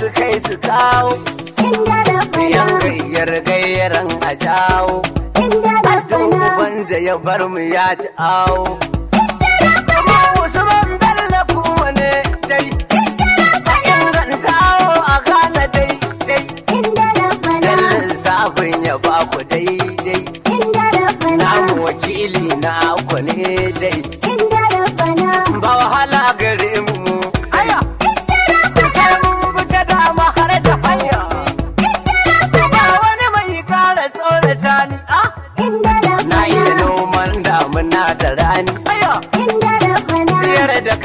su kai su kawo yan gayyar gayyaran a jawo don uban da ya bar mu ya ci awo Usman Bello kuma ne dai ingantawo a kana dai dai Dallin sabon ya ba ku dai dai Namu wakili na ku ne dai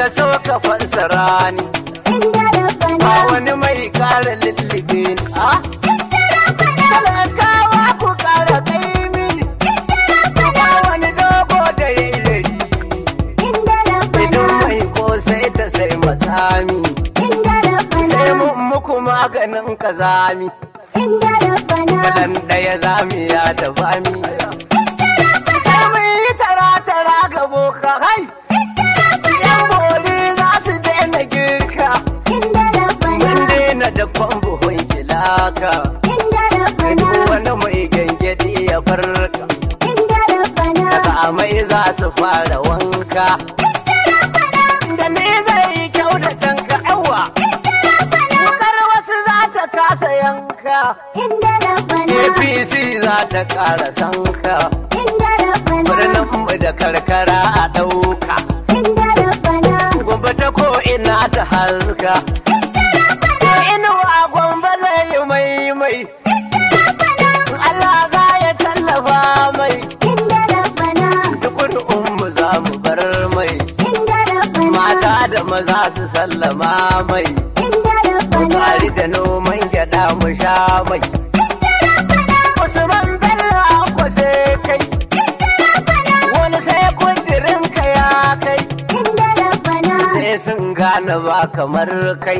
ka so ka fansara ni ba wani mai kara lullube ni a talakawa ku kara kaimi A wani dogo da ya yi lari idan mai kosai ta sai matsami sai mun muku maganin kazami kadan ɗaya zami ya tafami farka duk wani mai gangadi ya farka kasa mai za su fara wanka da ni zai kyau da canka yawa wukar wasu za ta kasa yanka apc za ta kara sanka birnin da karkara a ɗauka gobe ta ko ina ta harka inuwa gwamba mai Allah za ya tallafa mai duk mu za mu bar mai mata da maza su sallama mai mu kari da noman gyada mu sha mai Usman Bello akwase kai wani sai kudirin ka ya kai sai sun gane ba kamar kai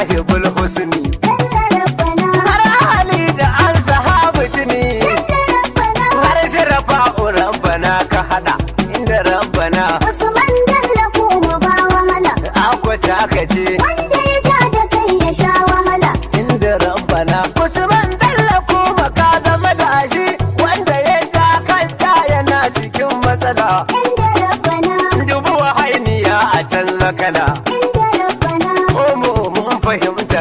sahibul husni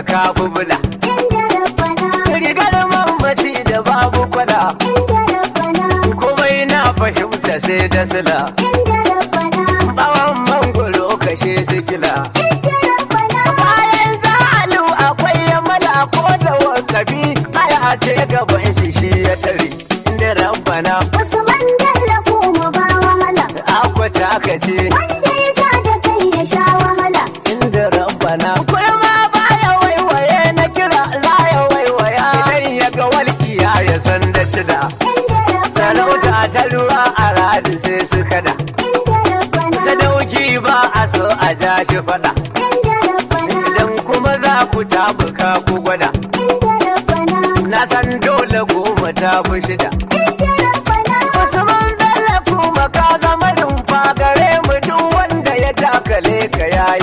da ka bubula. Rigar mamaci da babu kwana. Komai na fahimta sai da sila. Bawan mangoro kashe sikila. Bayan zahalu akwai yamala ko da wakabi aya ce gaban shi shi ya tare. da rabbana. Wasu man dallafu mu ba wahala. Akwata ka ce kafin shida. Usman Bello kuma ka zama rumfa gare mu duk wanda ya takale ka yaya.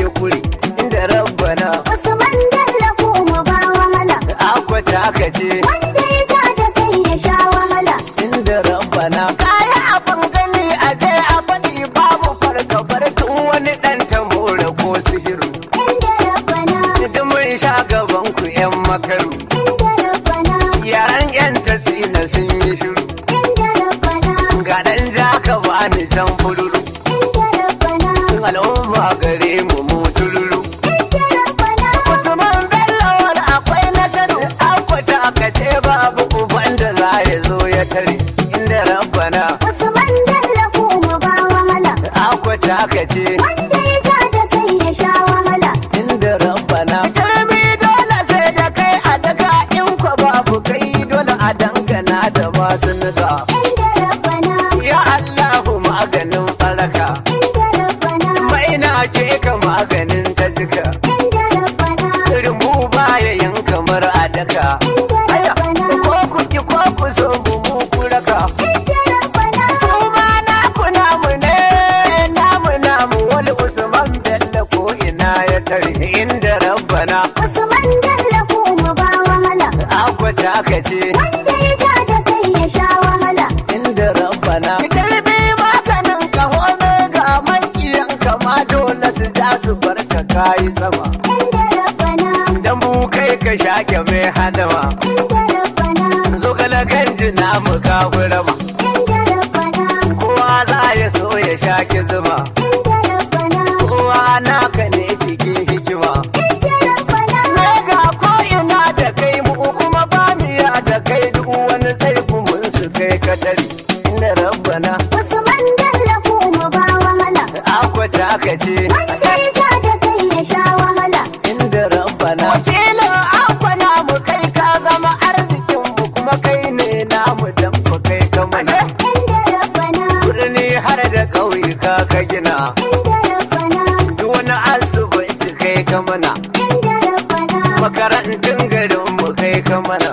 taka ce wanda ya ja da kai ya sha wahala inda rabbana ki tarbi maganin ka home ga makiyan kama dole su ja su barka kayi sama inda rabbana dan bu kai ka shake mai hadama inda rabbana zo kala kan jina mu ka inda rabbana kowa za ya so ya shake zuma makarantun garin mu kai kamana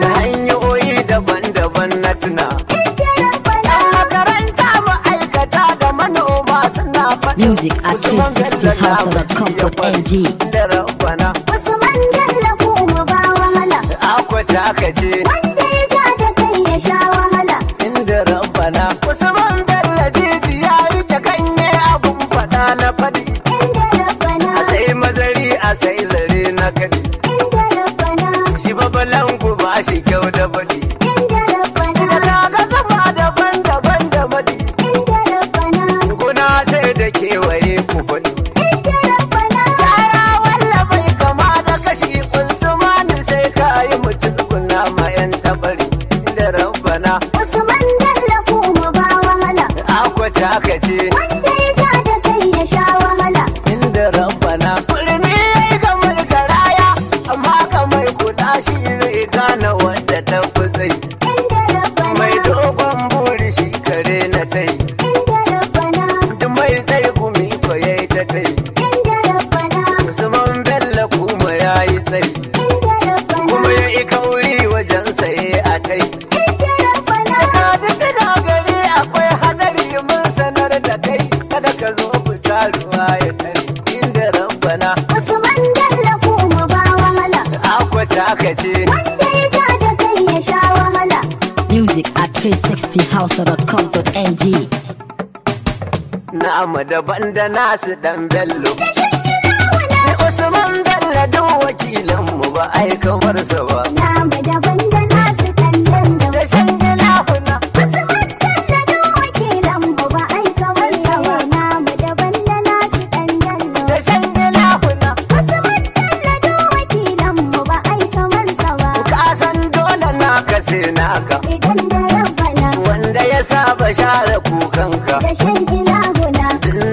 da hanyoyi daban-daban na tuna Music at 360house.com.ng Da rabbana Wasu man dalla ko mu ba wahala Akwata ka I see you. jaruwa ya tare inda rambana. Usman Bello kuma ba wahala. akwata taka ce. Wanda ya ja da kai ya sha wahala. Music at 360house.com.ng Nama daban da nasu dan Bello. Usman Bello don wakilanmu ba ai kamar sa ba. Nama daban da ka share kukanka da shan gina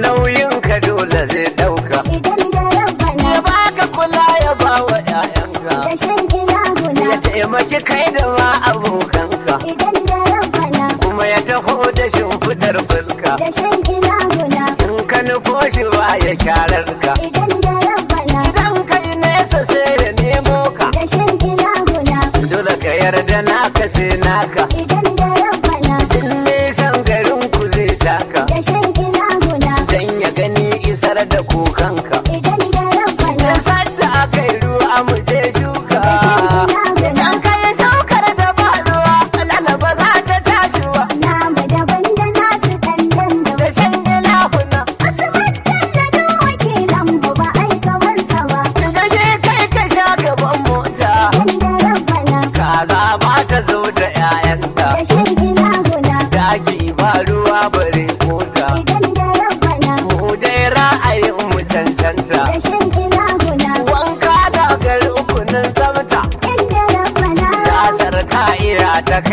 nauyin ka dole zai dauka idan da rabbana ya baka kula ya bawa ƴaƴanka da shan gina ya taimaki kai da ma abokanka idan da rabbana kuma ya taho da shimfidar fulka da shan gina in ka nufo shi ba ya kyarar ka idan da rabbana idan kai nesa sai ya nemo ka da shan gina dole ka yarda naka sai naka idan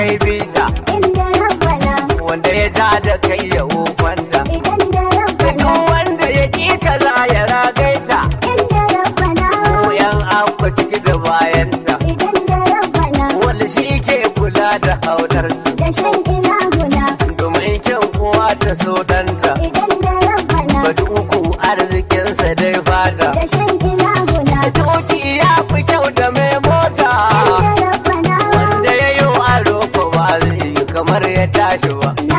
baby. kamar ya tashi ba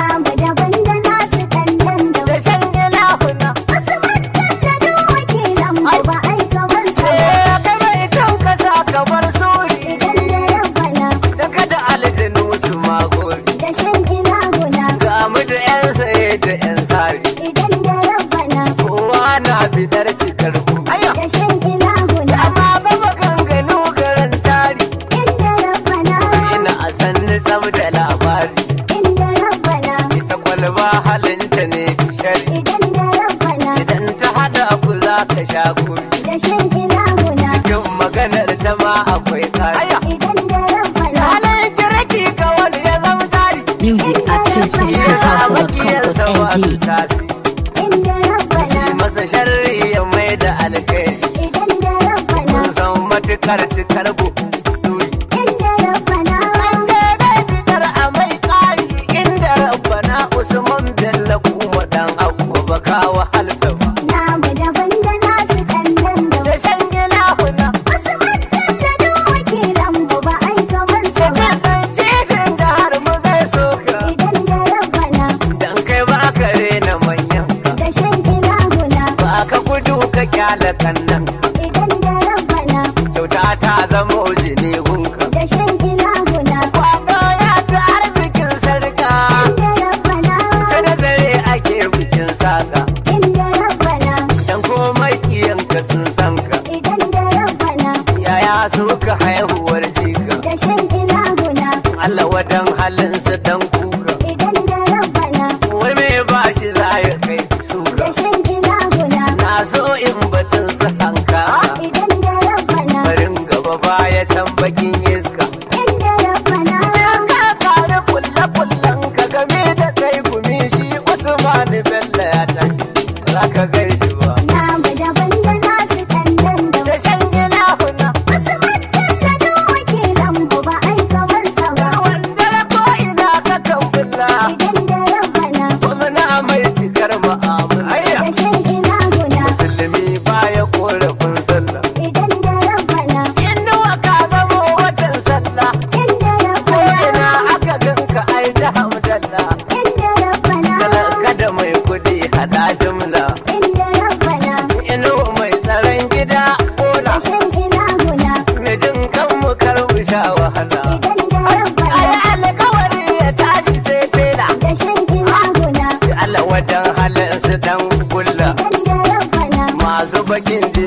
tambakin ya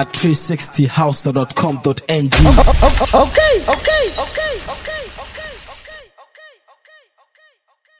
at 360house.com.ng. Okay, okay.